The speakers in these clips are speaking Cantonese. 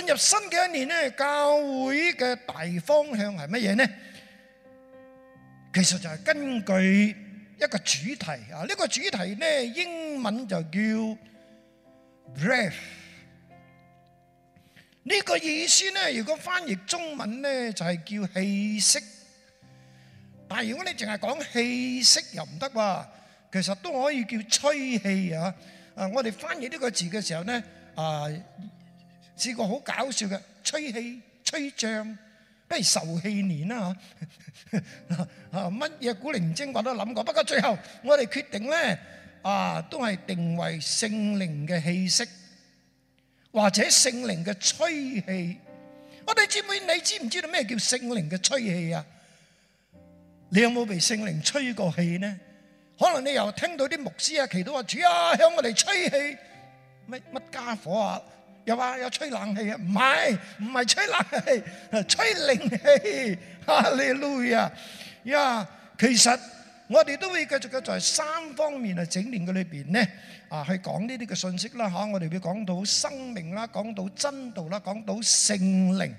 進入新嘅一年咧，教會嘅大方向係乜嘢咧？其實就係根據一個主題啊，呢個主題咧，英文就叫 breath。呢個意思咧，如果翻譯中文咧，就係叫氣息。但係如果你淨係講氣息又唔得啩，其實都可以叫吹氣啊。啊，我哋翻譯呢個字嘅時候咧，啊。試過好搞笑嘅吹氣、吹脹，不如受氣年啦、啊、嚇！嚇乜嘢古靈精怪都諗過，不過最後我哋決定咧，啊都係定為聖靈嘅氣息，或者聖靈嘅吹氣。我哋姐妹，你知唔知道咩叫聖靈嘅吹氣啊？你有冇被聖靈吹過氣呢？可能你又聽到啲牧師啊、祈禱啊，主啊，向我哋吹氣，乜乜家伙啊？有話要吹冷氣啊？唔係，唔係吹冷氣，吹靈氣啊！你累啊！呀，其實我哋都會繼續嘅，在三方面啊整年嘅裏邊咧啊，去講呢啲嘅信息啦嚇。我哋會講到生命啦，講到真道啦，講到聖靈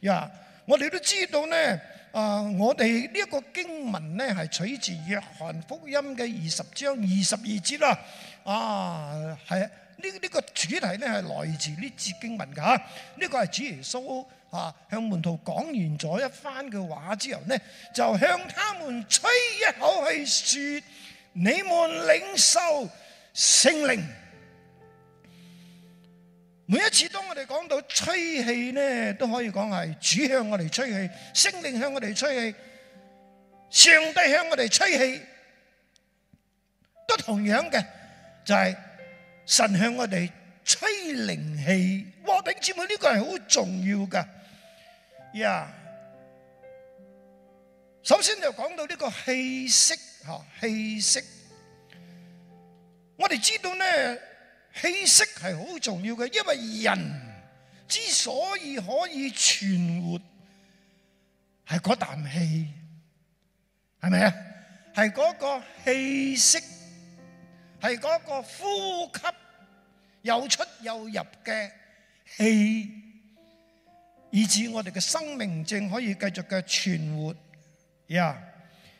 呀。我哋都知道咧，啊，我哋呢一個經文咧係取自約翰福音嘅二十章二十二節啦。啊，係。呢，呢個主題咧係來自呢節經文噶，呢個係主耶穌啊向門徒講完咗一番嘅話之後咧，就向他們吹一口氣，説你們領受聖靈。每一次當我哋講到吹氣咧，都可以講係主向我哋吹氣，聖靈向我哋吹氣，上帝向我哋吹氣，都同樣嘅就係。神向我哋吹靈氣，哇！弟兄姊妹，呢、這個係好重要噶。呀、yeah.，首先就講到呢個氣息吓、啊，氣息。我哋知道呢，氣息係好重要嘅，因為人之所以可以存活，係嗰啖氣，係咪啊？係嗰個氣息。係嗰個呼吸又出又入嘅氣，以致我哋嘅生命正可以繼續嘅存活。呀！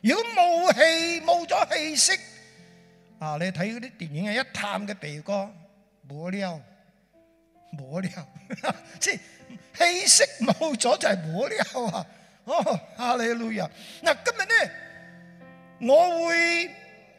如果冇氣、冇咗氣息，啊！你睇嗰啲電影啊，一探嘅鼻哥，冇料，冇料，即係氣息冇咗就係冇料啊！哦，哈利路亞！嗱，今日呢，我會。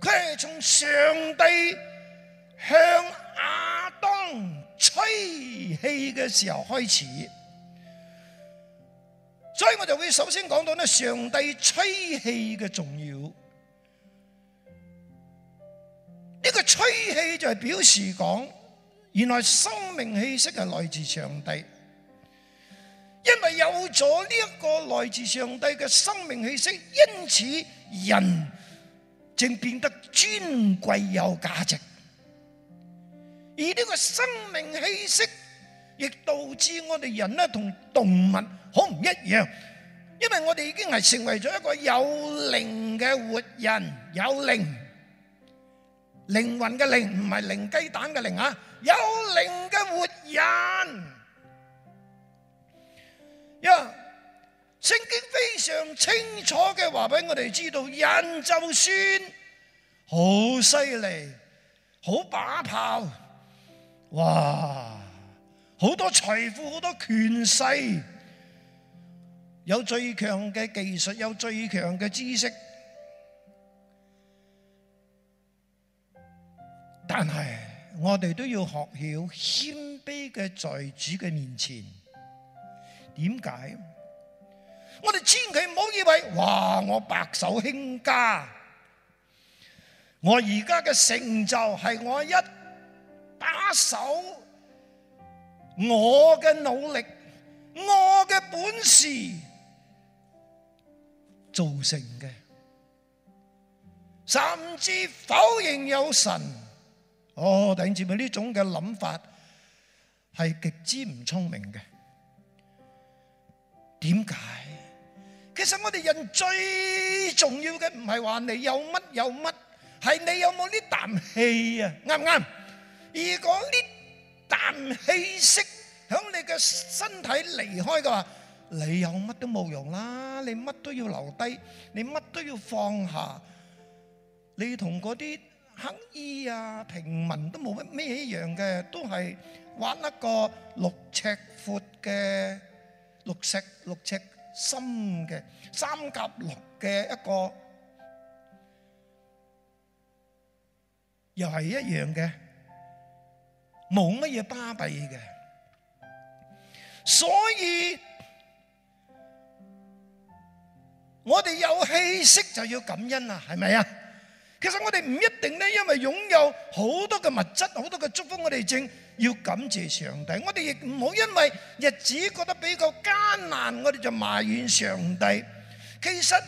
佢係從上帝向亞當吹氣嘅時候開始，所以我就會首先講到呢，上帝吹氣嘅重要。呢個吹氣就係表示講，原來生命氣息係來自上帝，因為有咗呢一個來自上帝嘅生命氣息，因此人。正變得尊貴有價值，而呢個生命氣息亦導致我哋人類同動物好唔一樣，因為我哋已經係成為咗一個有靈嘅活人，有靈，靈魂嘅靈，唔係零雞蛋嘅零吓，有靈嘅活人，呀。聖經非常清楚嘅話俾我哋知道，人就算好犀利、好把炮，哇！好多財富、好多權勢，有最強嘅技術，有最強嘅知識，但係我哋都要學曉謙卑嘅，在主嘅面前，點解？我哋千祈唔好以為，哇！我白手興家，我而家嘅成就係我一把手、我嘅努力、我嘅本事造成嘅，甚至否認有神。哦，弟兄姊妹，呢種嘅諗法係極之唔聰明嘅。點解？其實我哋人最重要嘅唔係話你有乜有乜，係你有冇呢啖氣啊？啱唔啱？如果呢啖氣息響你嘅身體離開嘅話，你有乜都冇用啦！你乜都要留低，你乜都要放下。你同嗰啲乞衣啊、平民都冇乜咩一樣嘅，都係玩一個六尺闊嘅六尺六尺。深嘅三甲六嘅一個，又係一樣嘅，冇乜嘢巴閉嘅，所以我哋有氣息就要感恩啦，係咪啊？其實我哋唔一定咧，因為擁有好多嘅物質，好多嘅祝福，我哋正。要感謝上帝，我哋亦唔好因為日子覺得比較艱難，我哋就埋怨上帝。其實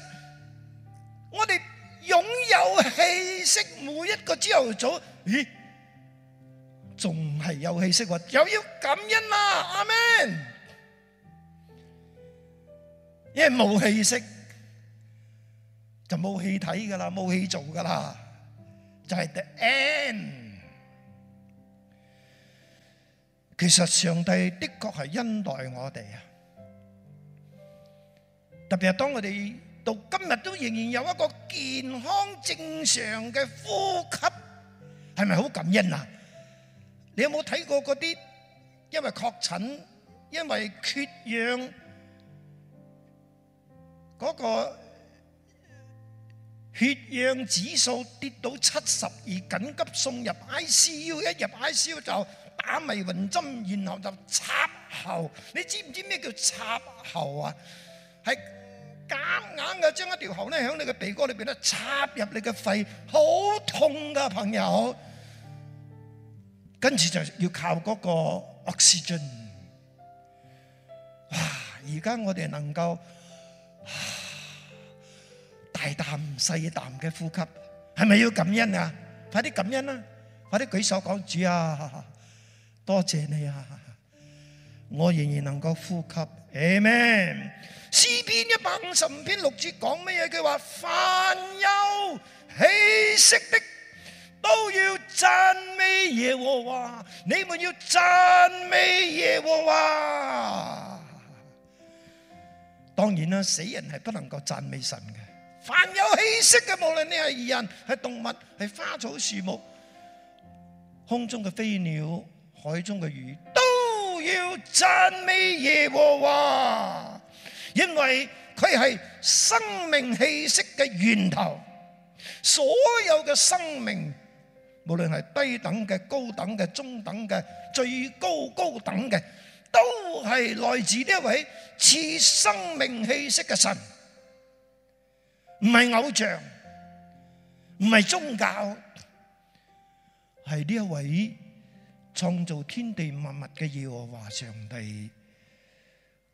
我哋擁有氣息，每一個朝頭早，咦，仲係有氣息喎，又要感恩啦，阿門。因為冇氣息就冇戲睇㗎喇，冇戲做㗎喇，就係 the end。其實上帝的確係恩待我哋啊，特別係當我哋到今日都仍然有一個健康正常嘅呼吸，係咪好感恩啊？你有冇睇過嗰啲因為確診、因為缺氧嗰個血氧指數跌到七十二，緊急送入 ICU，一入 ICU 就打微針，然後就插喉。你知唔知咩叫插喉啊？係夾硬嘅，將一條喉咧響你嘅鼻哥裏邊咧插入你嘅肺，好痛噶，朋友。跟住就要靠嗰個 oxygen。哇！而家我哋能夠大啖細啖嘅呼吸，係咪要感恩啊？快啲感恩啦！快啲舉手講主啊！多謝你啊！我仍然能夠呼吸。Amen，詩篇一百五十五篇六節講乜嘢？佢話，凡有氣息的都要讚美耶和華，你們要讚美耶和華。當然啦，死人係不能夠讚美神嘅。凡有氣息嘅，無論你係人、係動物、係花草樹木、空中嘅飛鳥。海中嘅魚都要讚美耶和華，因為佢係生命氣息嘅源頭。所有嘅生命，無論係低等嘅、高等嘅、中等嘅、最高高等嘅，都係來自呢一位賜生命氣息嘅神。唔係偶像，唔係宗教，係呢一位。創造天地萬物嘅耶和華上帝，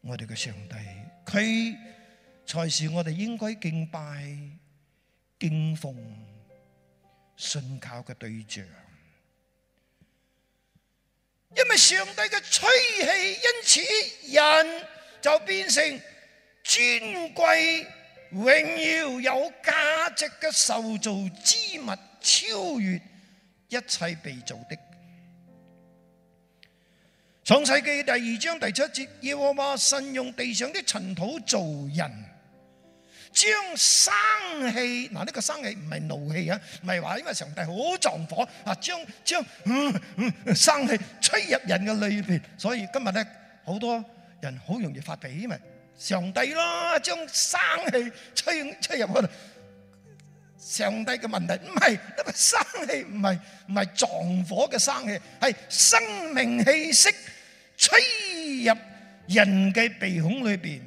我哋嘅上帝，佢才是我哋應該敬拜、敬奉、信靠嘅對象。因為上帝嘅吹氣，因此人就變成尊貴、榮耀、有價值嘅受造之物，超越一切被造的。創世紀第二章第七節，要我話神用地上啲塵土做人，將生氣嗱呢、呢個生氣唔係怒氣啊，唔係話因為上帝好撞火啊，將將、嗯嗯、生氣吹入人嘅裏邊，所以今日咧好多人好容易發脾氣，因嘛。上帝咯將生氣吹吹入嗰度。上帝嘅問題唔係因為生氣唔係唔係撞火嘅生氣，係生命氣息。吹入人嘅鼻孔裏邊，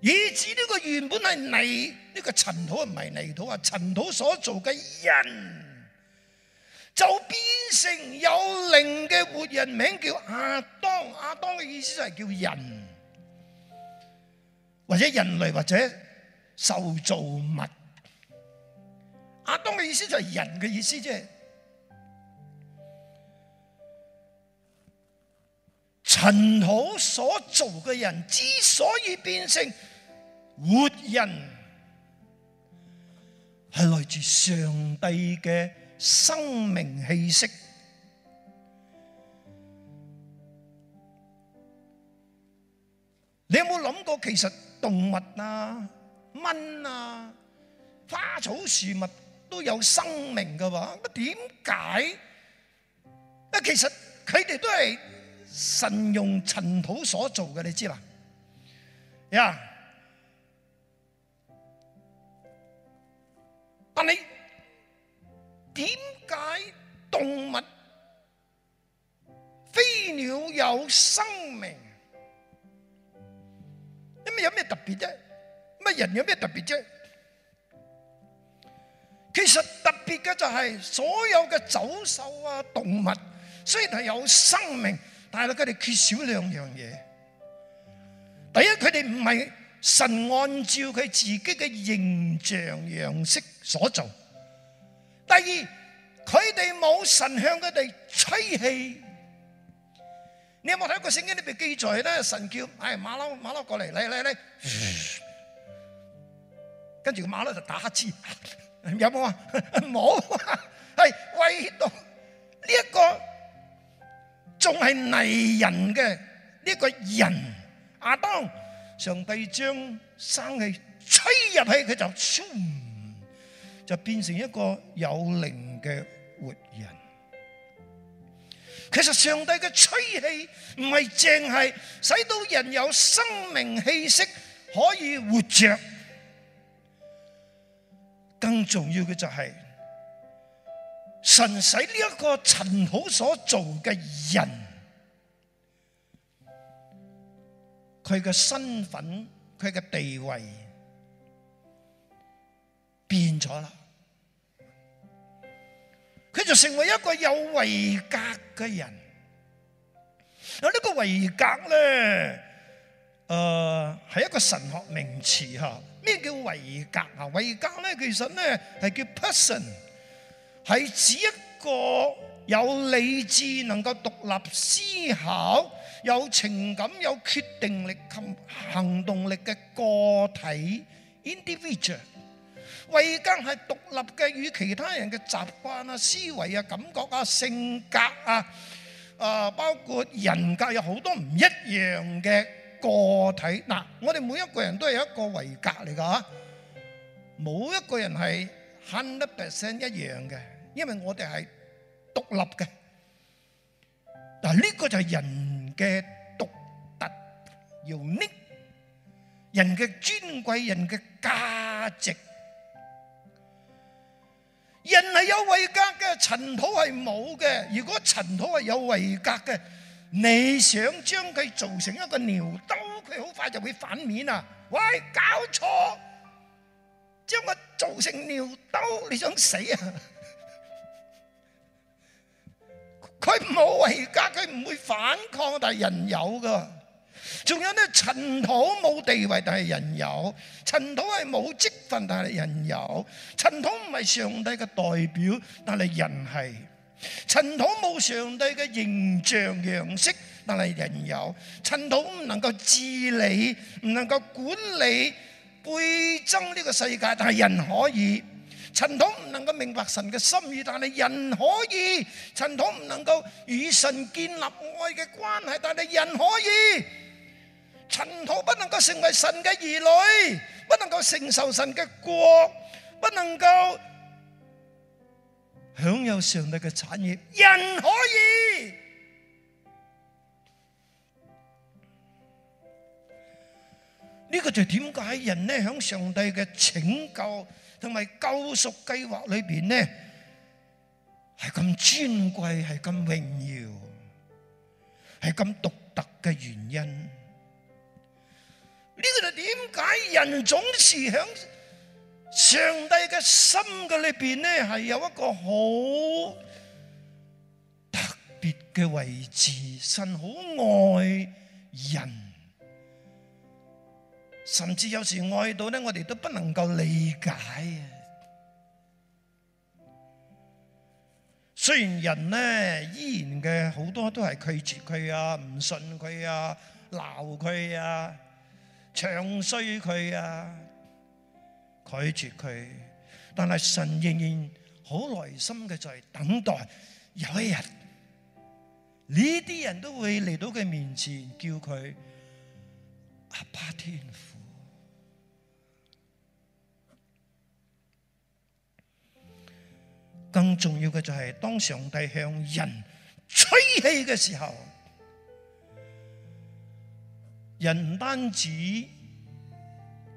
以至呢個原本係泥呢個塵土啊，唔係泥土啊，塵土所做嘅人，就變成有靈嘅活人，名叫亞當。亞當嘅意思就係叫人，或者人類或者受造物。亞當嘅意思就係人嘅意思啫。塵土所做嘅人之所以變成活人，係來自上帝嘅生命氣息，你有冇諗過，其實動物啊、蚊啊、花草樹木都有生命嘅話，咁點解？啊，其實佢哋都係。神用塵土所做嘅，你知啦？呀！但你點解動物、飛鳥有生命？咁有咩特別啫？乜人有咩特別啫？其實特別嘅就係所有嘅走獸啊、動物，雖然係有生命。但係佢哋缺少兩樣嘢，第一佢哋唔係神按照佢自己嘅形象樣式所做；第二佢哋冇神向佢哋吹氣。你有冇睇過聖經裏邊記載咧？神叫：哎，馬騮馬騮過嚟，嚟嚟嚟，跟住馬騮就打乞嗤。有冇啊？冇。係人嘅呢個人，阿當，上帝將生氣吹入去，佢就就變成一個有靈嘅活人。其實上帝嘅吹氣唔係淨係使到人有生命氣息可以活着，更重要嘅就係神使呢一個塵土所做嘅人。佢嘅身份，佢嘅地位變咗啦，佢就成為一個有位格嘅人。嗱，呢個位格咧，誒，係一個神學名詞吓。咩叫位格啊？位格咧，其實咧係叫 person，係指一個有理智、能夠獨立思考。有情感、有決定力及行動力嘅個體 （individual），維格係獨立嘅，與其他人嘅習慣啊、思維啊、感覺啊、性格啊、啊包括人格有好多唔一樣嘅個體。嗱，我哋每一個人都係有一個維格嚟㗎，嚇，冇一個人係 hundred percent 一樣嘅，因為我哋係獨立嘅。嗱，呢個就係人。嘅獨特要呢，人嘅尊貴，人嘅價值，人係有位格嘅，塵土係冇嘅。如果塵土係有位格嘅，你想將佢做成一個尿兜，佢好快就會反面啊！喂，搞錯，將佢做成尿兜，你想死啊！佢冇為家，佢唔會反抗，但係人有噶。仲有呢，塵土冇地位，但係人有；塵土係冇職分，但係人有；塵土唔係上帝嘅代表，但係人係；塵土冇上帝嘅形象樣式，但係人有；塵土唔能夠治理，唔能夠管理，倍增呢個世界，但係人可以。塵土唔能夠明白神嘅心意，但係人可以；塵土唔能夠與神建立愛嘅關係，但係人可以。塵土不能夠成為神嘅兒女，不能夠承受神嘅國，不能夠享有上帝嘅產業。人可以。呢個就係點解人呢響上帝嘅拯救，同埋救贖計劃裏邊呢，係咁尊貴，係咁榮耀，係咁獨特嘅原因。呢個就點解人總是響上帝嘅心嘅裏邊呢？係有一個好特別嘅位置，神好愛人。甚至有時愛到咧，我哋都不能夠理解啊！雖然人咧依然嘅好多都係拒絕佢啊，唔信佢啊，鬧佢啊，唱衰佢啊，拒絕佢，但係神仍然好耐心嘅就係等待，有一日呢啲人都會嚟到佢面前叫佢阿爸天父。更重要嘅就係當上帝向人吹氣嘅時候，人唔單止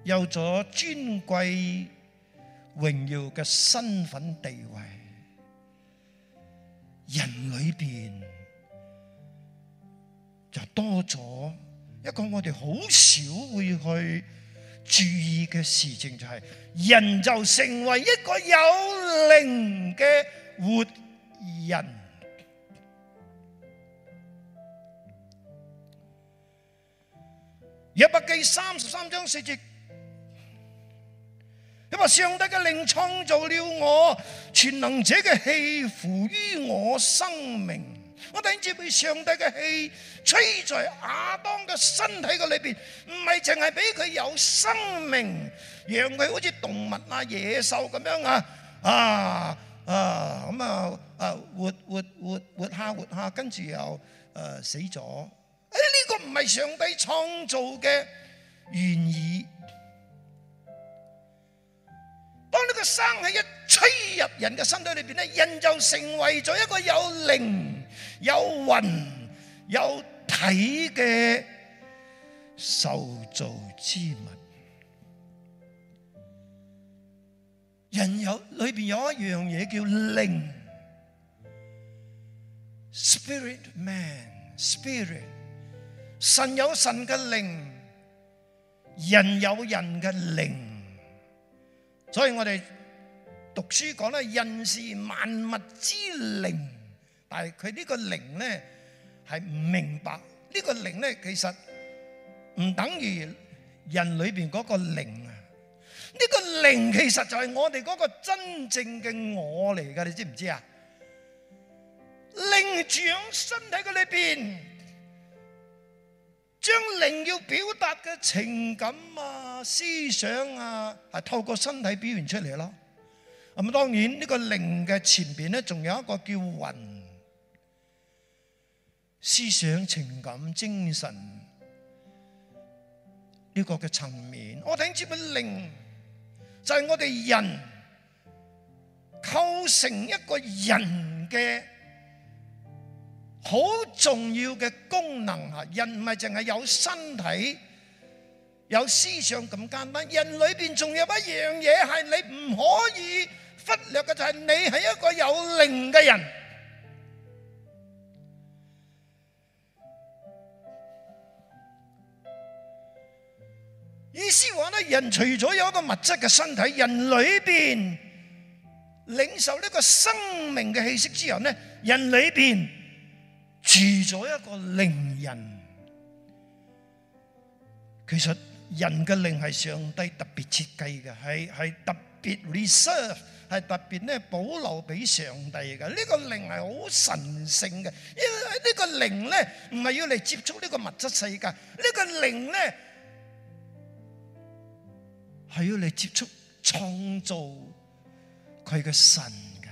有咗尊貴榮耀嘅身份地位，人裏邊就多咗一個我哋好少會去，注意嘅事情就係，人就成為一個有靈嘅活人。約伯記三十三章四節，因為上帝嘅靈創造了我，全能者嘅氣賦於我生命。我等住被上帝嘅氣吹在亞當嘅身體嘅裏邊，唔係淨係俾佢有生命，讓佢好似動物啊、野獸咁樣啊啊啊咁啊啊活活活活下活下，跟住又誒、呃、死咗。誒、哎、呢、這個唔係上帝創造嘅原意。當呢個生氣一吹入人嘅身體裏邊咧，人就成為咗一個有靈。有魂有體嘅受造之物，人有裏邊有一樣嘢叫靈 （Spirit, Man, Spirit）。神有神嘅靈，人有人嘅靈，所以我哋讀書講咧，人是萬物之靈。係佢呢個靈咧，係唔明白呢個靈咧。其實唔等於人裏邊嗰個靈啊。呢個靈其實就係我哋嗰個真正嘅我嚟噶，你知唔知啊？靈住喺身體嘅裏邊，將靈要表達嘅情感啊、思想啊，係透過身體表現出嚟咯。咁啊，當然呢個靈嘅前邊咧，仲有一個叫魂。思想、情感、精神呢個嘅層面，我聽住本靈就係我哋人構成一個人嘅好重要嘅功能吓。人唔係淨係有身體、有思想咁簡單，人裏邊仲有一樣嘢係你唔可以忽略嘅，就係你係一個有靈嘅人。意思話咧，人除咗有一個物質嘅身體，人裏邊領受呢個生命嘅氣息之後咧，人裏邊住咗一個靈人，其實人嘅靈係上帝特別設計嘅，係係特別 reserve，係特別咧保留俾上帝嘅。呢個靈係好神聖嘅，因為呢個靈咧唔係要嚟接觸呢個物質世界，呢個靈咧，係要你接觸創造佢嘅神噶，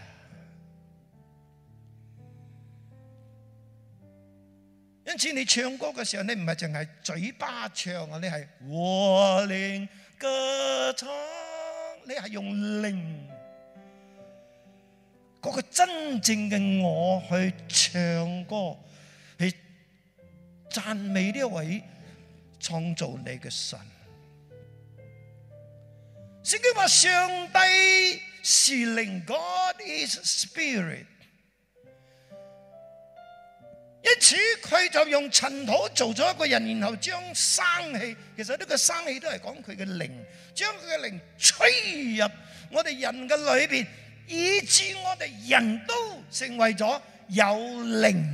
因此你唱歌嘅時候，你唔係淨係嘴巴唱啊，你係和靈歌唱，你係用靈嗰個真正嘅我去唱歌，去讚美呢一位創造你嘅神。聖經話，上帝是靈，God is Spirit。因此佢就用塵土做咗一個人，然後將生氣，其實呢個生氣都係講佢嘅靈，將佢嘅靈吹入我哋人嘅裏邊，以致我哋人都成為咗有靈，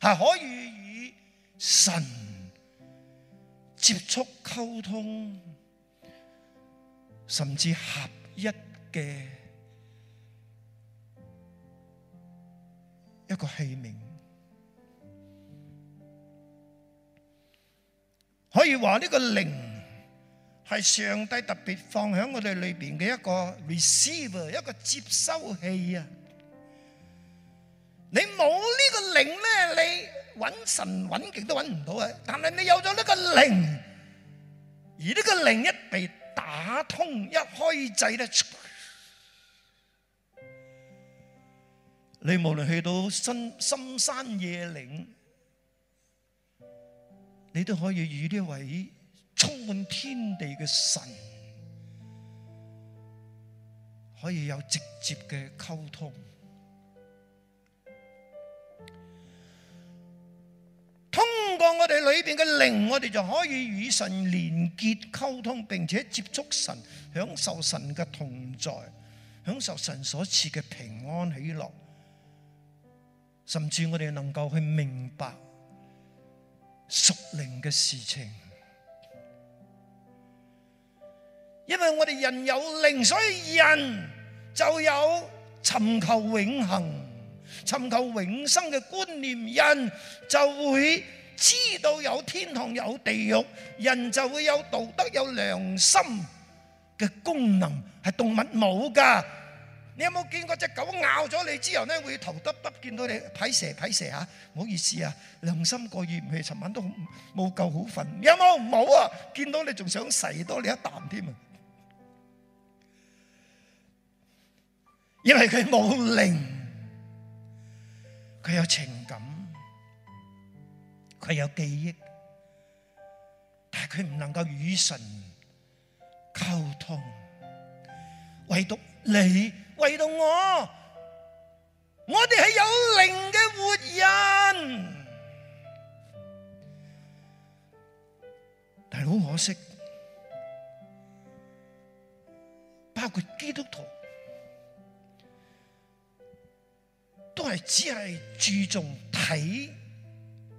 係可以與神接觸溝通，甚至合一嘅一個器皿，可以話呢個靈係上帝特別放喺我哋裏邊嘅一個 receiver，一個接收器啊！你冇呢個靈咧，你揾神揾極都揾唔到啊！但係你有咗呢個靈，而呢個靈一被打通一開掣咧，你無論去到深深山野嶺，你都可以與呢位充滿天地嘅神，可以有直接嘅溝通。通過我哋裏邊嘅靈，我哋就可以與神連。結溝通並且接觸神，享受神嘅同在，享受神所賜嘅平安喜樂，甚至我哋能夠去明白屬靈嘅事情。因為我哋人有靈，所以人就有尋求永恆、尋求永生嘅觀念，人就會。知道有天堂有地獄，人就會有道德有良心嘅功能，係動物冇噶。你有冇見過隻狗咬咗你之後咧，會頭耷耷見到你睇蛇睇蛇吓？唔好意思啊，良心過意唔去。尋晚都冇夠好瞓，有冇冇啊？見到你仲想噬多你一啖添啊？因為佢冇靈，佢有情感。佢有記憶，但係佢唔能夠與神溝通，唯獨你，唯獨我，我哋係有靈嘅活人，但係好可惜，包括基督徒都係只係注重睇。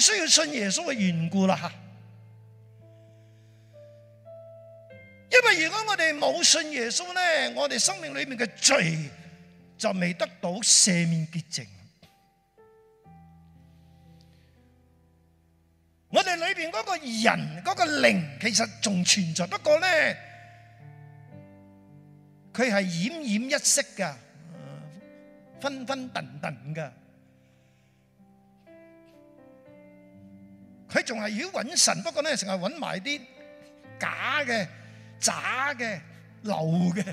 需要信耶穌嘅緣故啦，因為如果我哋冇信耶穌咧，我哋生命裏面嘅罪就未得到赦免潔淨。我哋裏邊嗰個人嗰個靈其實仲存在，不過咧佢係奄奄一息噶，昏昏頓頓噶。佢仲係要揾神，不過咧成日揾埋啲假嘅、渣嘅、流嘅。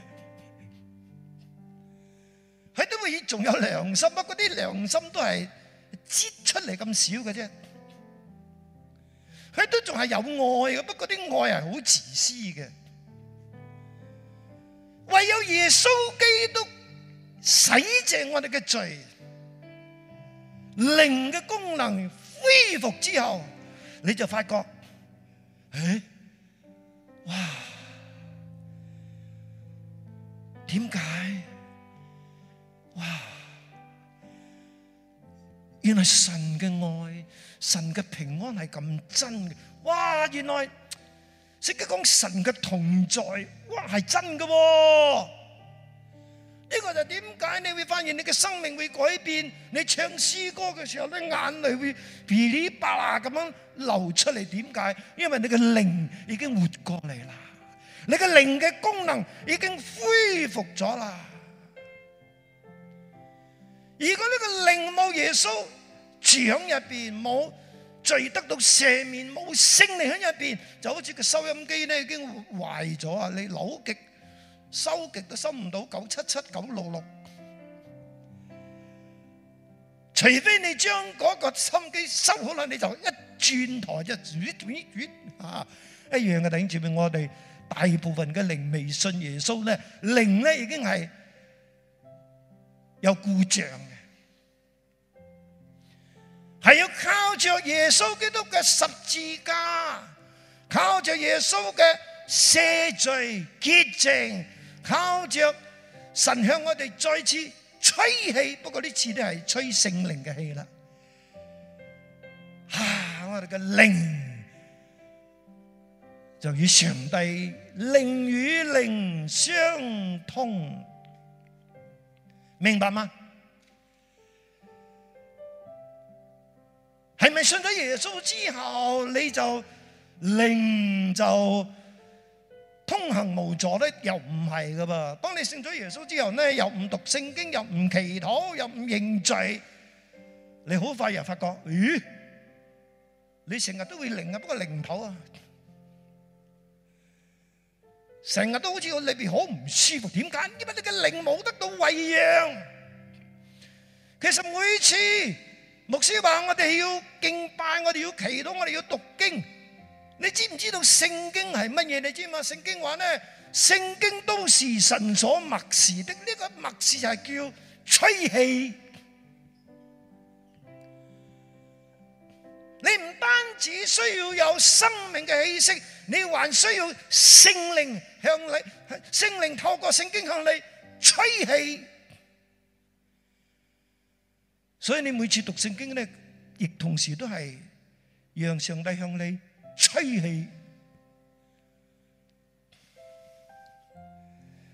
佢都會仲有良心，不過啲良心都係擠出嚟咁少嘅啫。佢都仲係有愛嘅，不過啲愛係好自私嘅。唯有耶穌基督洗淨我哋嘅罪，靈嘅功能恢復之後。你就發覺，誒，哇，點解？哇，原來神嘅愛、神嘅平安係咁真嘅，哇！原來識得講神嘅同在，哇，係真嘅喎。呢個就點解你會發現你嘅生命會改變？你唱詩歌嘅時候咧，眼淚會噼里啪啦咁樣流出嚟，點解？因為你嘅靈已經活過嚟啦，你嘅靈嘅功能已經恢復咗啦。如果呢個靈冇耶穌住響入邊，冇罪得到赦免，冇聖靈響入邊，就好似個收音機咧已經壞咗啊！你扭極。收極都收唔到九七七九六六，除非你將嗰個心機收好啦，你就一轉台就轉轉轉啊！一樣嘅，頂住畀我哋大部分嘅靈未信耶穌咧，靈咧已經係有故障嘅，係要靠着耶穌基督嘅十字架，靠着耶穌嘅赦罪潔淨。靠着神向我哋再次吹氣，不過呢次都係吹聖靈嘅氣啦。吓，我哋嘅靈就與上帝靈與靈相通，明白嗎？係咪信咗耶穌之後，你就靈就？空行無助咧，又唔係噶噃。當你信咗耶穌之後咧，又唔讀聖經，又唔祈禱，又唔認罪，你好快又發覺，咦？你成日都會靈啊，不過靈唔透啊，成日都好似我裏邊好唔舒服，點解？因為你嘅靈冇得到餵養。其實每次牧師話我哋要敬拜，我哋要祈禱，我哋要讀經。你知唔知道聖經係乜嘢？你知嘛？聖經話咧，聖經都是神所默示的。呢個默示就係叫吹氣。你唔單止需要有生命嘅氣息，你還需要聖靈向你，聖靈透過聖經向你吹氣。所以你每次讀聖經咧，亦同時都係讓上帝向你。吹氣，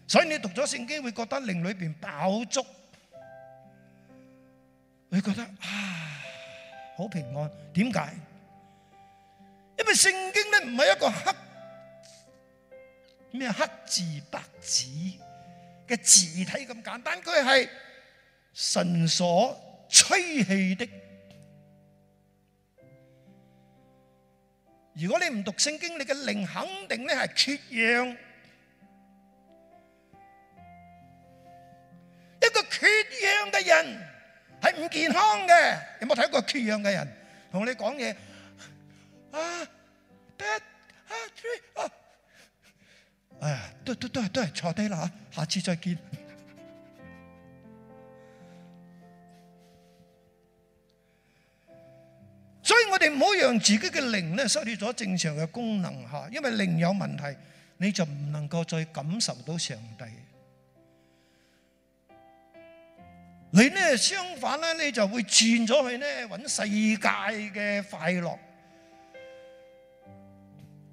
所以你讀咗聖經，會覺得靈裏邊飽足，會覺得啊好平安。點解？因為聖經咧唔係一個黑咩黑字白字嘅字體咁簡單，佢係神所吹氣的。如果你唔讀聖經，你嘅靈肯定咧，係缺氧。一個缺氧嘅人係唔健康嘅。有冇睇過缺氧嘅人同你講嘢？啊，一、啊、二、啊，哎呀，都都都係都係坐低啦吓，下次再見。所以我哋唔好讓自己嘅靈咧失去咗正常嘅功能吓，因為靈有問題，你就唔能夠再感受到上帝。你咧相反咧，你就會轉咗去咧揾世界嘅快樂，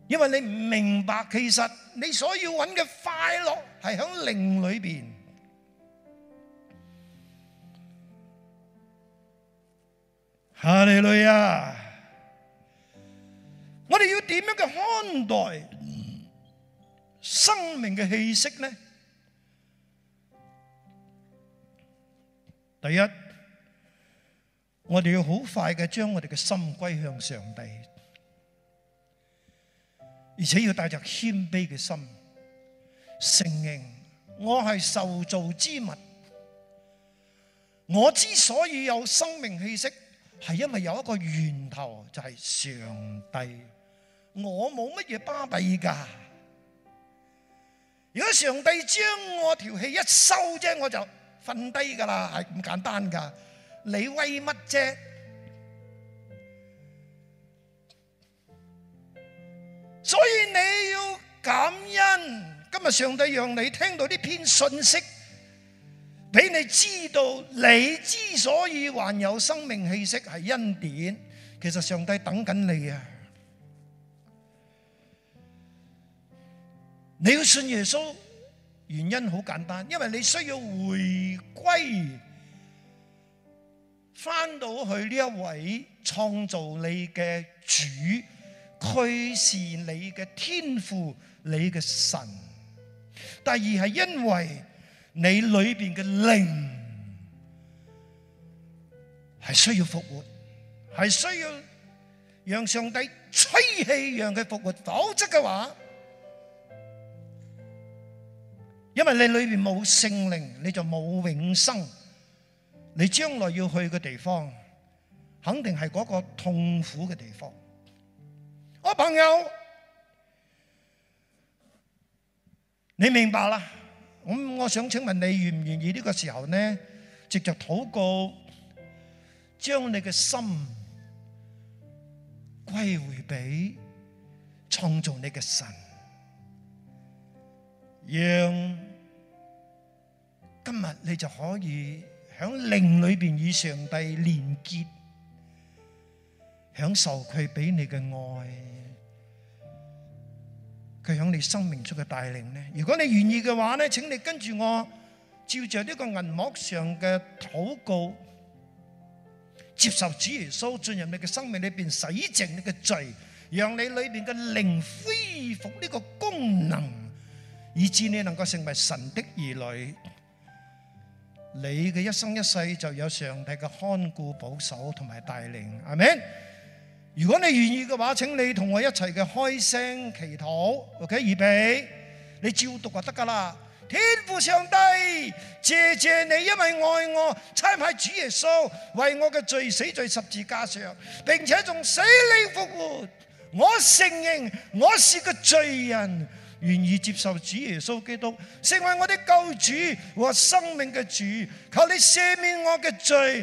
因為你唔明白，其實你所要揾嘅快樂係喺靈裏邊。耶利啊！我哋要點樣去看待生命嘅氣息呢？第一，我哋要好快嘅將我哋嘅心歸向上帝，而且要帶着謙卑嘅心，承認我係受造之物，我之所以有生命氣息。係因為有一個源頭就係、是、上帝，我冇乜嘢巴閉噶。如果上帝將我條氣一收啫，我就瞓低噶啦，係咁簡單噶。你威乜啫？所以你要感恩，今日上帝讓你聽到呢篇信息。俾你知道，你之所以還有生命氣息係恩典，其實上帝等緊你啊！你要信耶穌，原因好簡單，因為你需要回歸，翻到去呢一位創造你嘅主，佢係你嘅天父，你嘅神。第二係因為。你裏邊嘅靈係需要復活，係需要讓上帝吹氣，讓佢復活。否則嘅話，因為你裏邊冇聖靈，你就冇永生。你將來要去嘅地方，肯定係嗰個痛苦嘅地方。我朋友，你明白啦？咁我想請問你願唔願意呢個時候呢，藉著禱告，將你嘅心歸回俾創造你嘅神，讓今日你就可以喺靈裏邊與上帝連結，享受佢俾你嘅愛。佢響你生命中嘅帶領咧，如果你願意嘅話咧，請你跟住我，照着呢個銀幕上嘅禱告，接受主耶穌進入你嘅生命裏邊，洗淨你嘅罪，讓你裏邊嘅靈恢復呢個功能，以致你能夠成為神的兒女。你嘅一生一世就有上帝嘅看顧、保守同埋帶領，阿門。如果你願意嘅話，請你同我一齊嘅開聲祈禱，OK 預備，你照讀就得噶啦。天父上帝，謝謝你，因為愛我，差派主耶穌為我嘅罪死在十字架上，並且仲死裏復活。我承認我是個罪人，願意接受主耶穌基督成為我的救主和生命嘅主。求你赦免我嘅罪。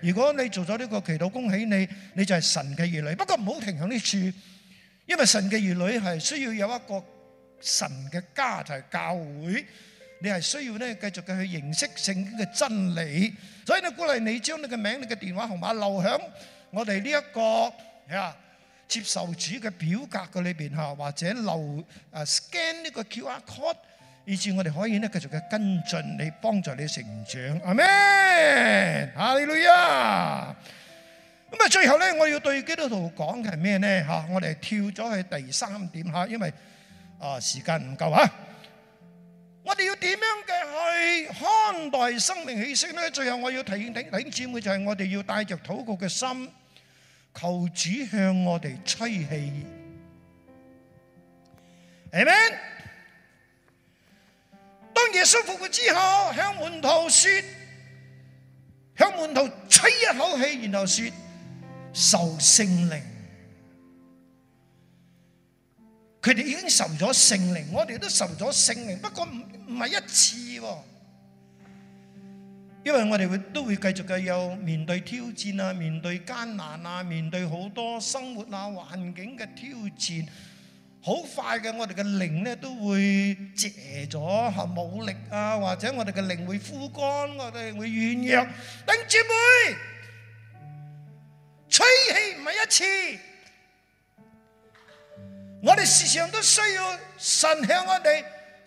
如果你做咗呢個祈禱，恭喜你，你就係神嘅兒女。不過唔好停響呢處，因為神嘅兒女係需要有一個神嘅家，就係教會。你係需要咧繼續嘅去認識聖經嘅真理。所以呢，鼓勵你將你嘅名、你嘅電話號碼留響我哋呢一個啊接受主嘅表格嘅裏邊吓，或者留啊 scan 呢個 QR code。以至我哋可以咧繼續嘅跟進你，幫助你成長。阿妹，啊女啊，咁啊最後咧，我要對基督徒講嘅係咩咧？吓，我哋跳咗去第三點吓，因為啊時間唔夠啊。我哋要點樣嘅去看待生命氣息咧？最後我要提醒弟兄姊妹就係我哋要帶着禱告嘅心，求主向我哋吹氣。阿門。耶穌復活之後，向門徒說，向門徒吹一口氣，然後說受聖靈。佢哋已經受咗聖靈，我哋都受咗聖靈，不過唔唔係一次，因為我哋會都會繼續嘅，有面對挑戰啊，面對艱難啊，面對好多生活啊環境嘅挑戰。好快嘅，我哋嘅靈咧都會謝咗，係冇力啊，或者我哋嘅靈會枯乾，我哋會軟弱。弟兄姊妹，吹氣唔係一次，我哋時常都需要神向我哋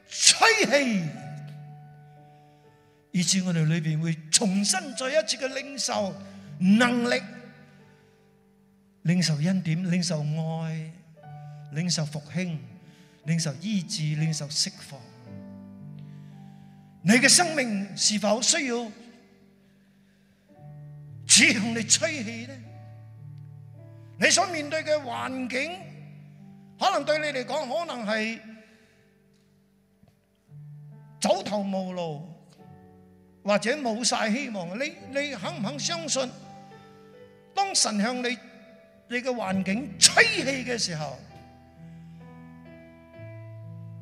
吹氣，以至我哋裏邊會重新再一次嘅領受能力，領受恩典，領受愛。領受復興，領受醫治，領受釋放。你嘅生命是否需要只向你吹氣呢？你所面對嘅環境，可能對你嚟講，可能係走投無路，或者冇晒希望。你你肯唔肯相信？當神向你你嘅環境吹氣嘅時候，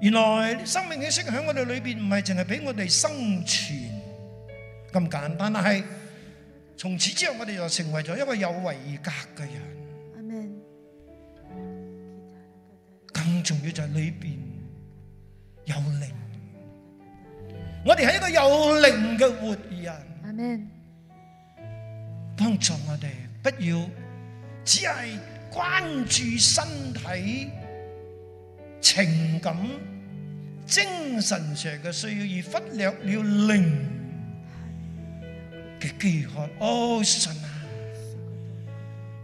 原來生命嘅息喺我哋裏邊，唔係淨係俾我哋生存咁簡單，但係從此之後我哋就成為咗一個有位格嘅人。阿門。更重要就係裏邊有靈，我哋係一個有靈嘅活人。阿門。幫助我哋不要只係關注身體、情感、精神上嘅需要，而忽略了靈嘅飢渴。哦，神啊，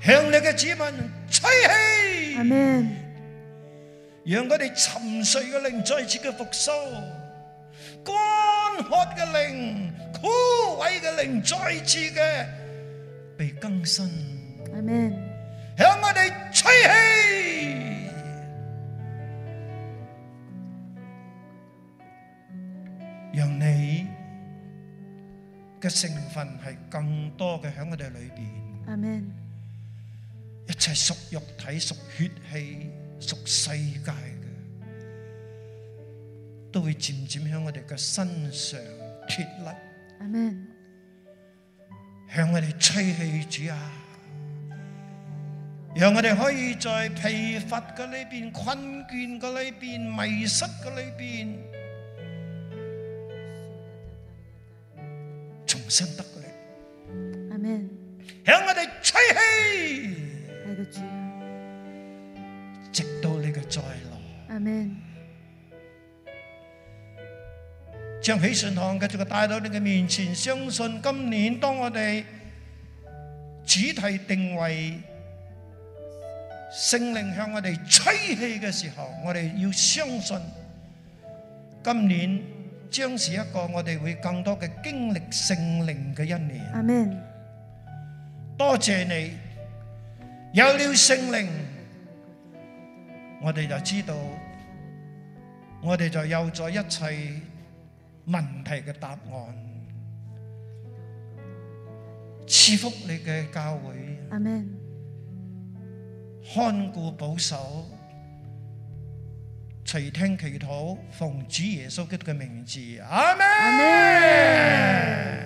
向你嘅子民吹氣，阿門。讓佢哋沉睡嘅靈再次嘅復甦，乾渴嘅靈、枯萎嘅靈再次嘅被更新，阿門。向我哋吹氣。讓你嘅成分係更多嘅喺我哋裏邊。阿門。一切屬肉體、屬血氣、屬世界嘅，都會漸漸喺我哋嘅身上脫甩。阿門。向我哋吹氣，主啊，讓我哋可以在疲乏嘅裏邊、困倦嘅裏邊、迷失嘅裏邊。得力，阿門！向我哋吹氣，愛個主，直到你嘅再來，阿門！將喜信堂，繼續帶到你嘅面前，相信今年當我哋主題定為聖靈向我哋吹氣嘅時候，我哋要相信今年。將是一個我哋會更多嘅經歷聖靈嘅一年。阿門。多謝你，有了聖靈，我哋就知道，我哋就有咗一切問題嘅答案。賜福你嘅教會。阿門。看顧保守。隨聽祈禱，奉主耶穌基督嘅名字，阿門。